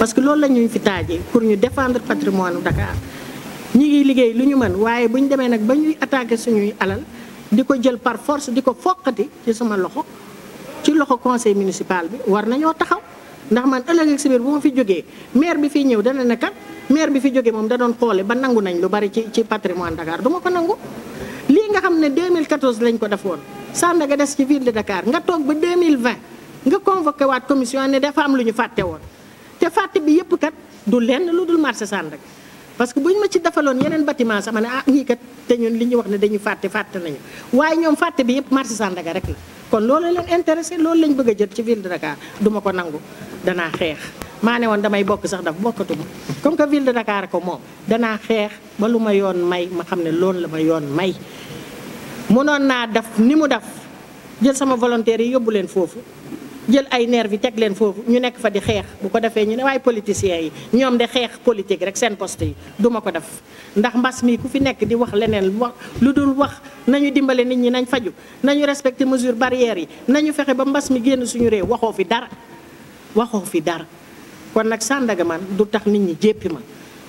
parce que loolu la ñuy fi taajee pour ñu défendre patrimoine Dakar ñi ngi liggéey lu ñu mën waaye bu ñu demee nag ba ñuy attaqué suñuy alal di ko jël par force di ko foqati ci sama loxo ci loxo conseil municipal bi war nañoo taxaw ndax man ëllëg ak si bu ma fi jógee maire bi fi ñëw dana ne kat maire bi fi jógee moom da doon xoole ba nangu nañ lu bari ci ci patrimoine Dakar du ma ko nangu. lii nga xam ne 2014 lañ ko def Sandaga des ci ville de Dakar nga toog ba 2020 nga convoqué waat commission ne dafa ñu fàtte woon. te fàtte bi yëpp kat du lenn lu dul marché Sandaga parce que bu ñu ma ci defaloon yeneen batiment sama ne ah ñii kat te ñun li ñu wax ne dañu fàtte fàtte nañu waaye ñoom fàtte bi yëpp marché Sandaga rek la kon loolu leen intéressé loolu lañ bëgg a jël ci ville de Dakar duma ko nangu danaa xeex maa ne woon damay bokk sax daf bokkatuma comme que ville de Dakar ko moom danaa xeex ba lu ma yoon may ma xam ne loolu la ma yoon may mënoon naa def ni mu def jël sama volontaire yóbbu leen foofu jël ay nerf yi teg leen foofu ñu nekk fa di xeex bu ko defee ñu ne waaye politiciens yi ñoom de xeex politique rek seen poste yi duma ko def ndax mbas mi ku fi nekk di wax leneen wax lu dul wax nañu dimbale nit ñi nañ faju nañu respecté mesure barrières yi nañu fexe ba mbas mi génn suñu réew waxoo fi dara waxoo fi dara kon nag sàndaga man du tax nit ñi jéppi ma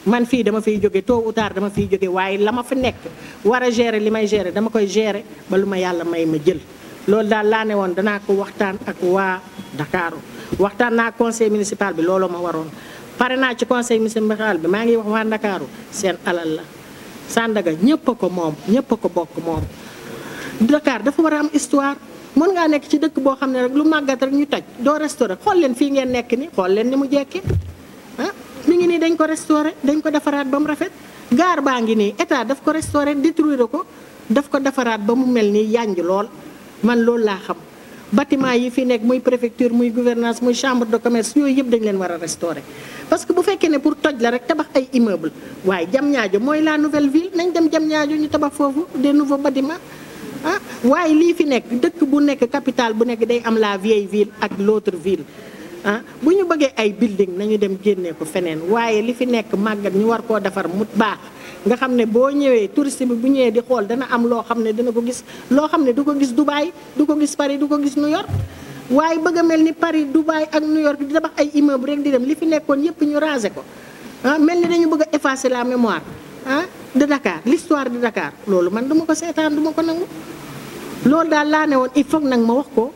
man fii dama fiy jóge tôt ou dama fiy jóge waaye la ma fi nekk war a gérer li may gérer dama koy gérer ba lu ma yàlla may ma jël loolu daal laa ne woon danaa ko waxtaan ak waa ndakaaru waxtaan naa conseil municipal bi looloo ma waroon pare naa ci conseil municipal bi maa ngi wax waa ndakaaru seen alal la sàndaga ñëpp ko moom ñëpp ko bokk moom Dakar dafa war a am histoire mën ngaa nekk ci dëkk boo xam ne rek lu màggat rek ñu taj doo restauré xool leen fii ngeen nekk ni xool leen ni mu jekke ah mu ngi nii dañ ko restauré dañ ko defaraat ba mu rafet gaar baa ngi nii état daf ko restauré détruire ko daf ko defaraat ba mu mel nii yànj lool man loolu laa xam bâtiment yi fi nekk muy préfecture muy gouvernance muy chambre de commerce yooyu yëpp dañ leen war a restaurer parce que bu fekkee ne pour toj la rek tabax ay immeuble waaye jam Diamniadio mooy la nouvelle ville nañ dem Diamniadio ñu tabax foofu des nouveaux bâtiments ah waaye lii fi nekk dëkk bu nekk capital bu nekk day am la vieille ville ak l'autre ville ah bu ñu bëggee ay building nañu dem génnee ko feneen waaye li fi nekk màggat ñu war koo defar mu baax nga xam ne boo ñëwee touriste bi bu ñëwee di xool dana am loo xam ne dana ko gis loo xam ne du ko gis Dubaï du ko gis Paris du ko gis New York waaye bëgg a mel ni Paris Dubaï ak New York di tabax ay immeuble rek di dem li fi nekkoon yëpp ñu rasé ko ah mel ni dañu bëgg a la mémoire ah de Dakar l'histoire de Dakar loolu man duma ko seetaan duma ko nangu loolu daal laa ne woon il faut nag ma wax ko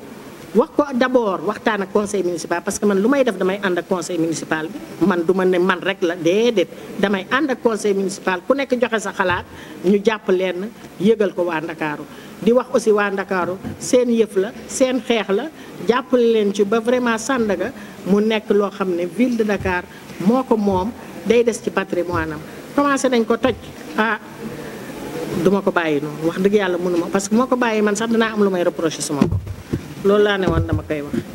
wax ko d'abord waxtaan ak conseil municipal parce que man lu may def damay ànd ak conseil municipal bi man du ma ne man rek la déedéet damay ànd ak conseil municipal ku nekk joxe sa xalaat ñu jàpp leen yëgal ko waa Ndakaaru di wax aussi waa Ndakaaru seen yëf la seen xeex la jàppale leen ci ba vraiment Sandaga mu nekk loo xam ne ville de Dakar moo ko moom day des ci patrimoine am commencé nañ ko toj ah duma ko bàyyi noonu wax dëgg yàlla mënuma parce que moo ko bàyyi man sax danaa am lu may reproché sama bopp loolu laa ne woon dama koy wax.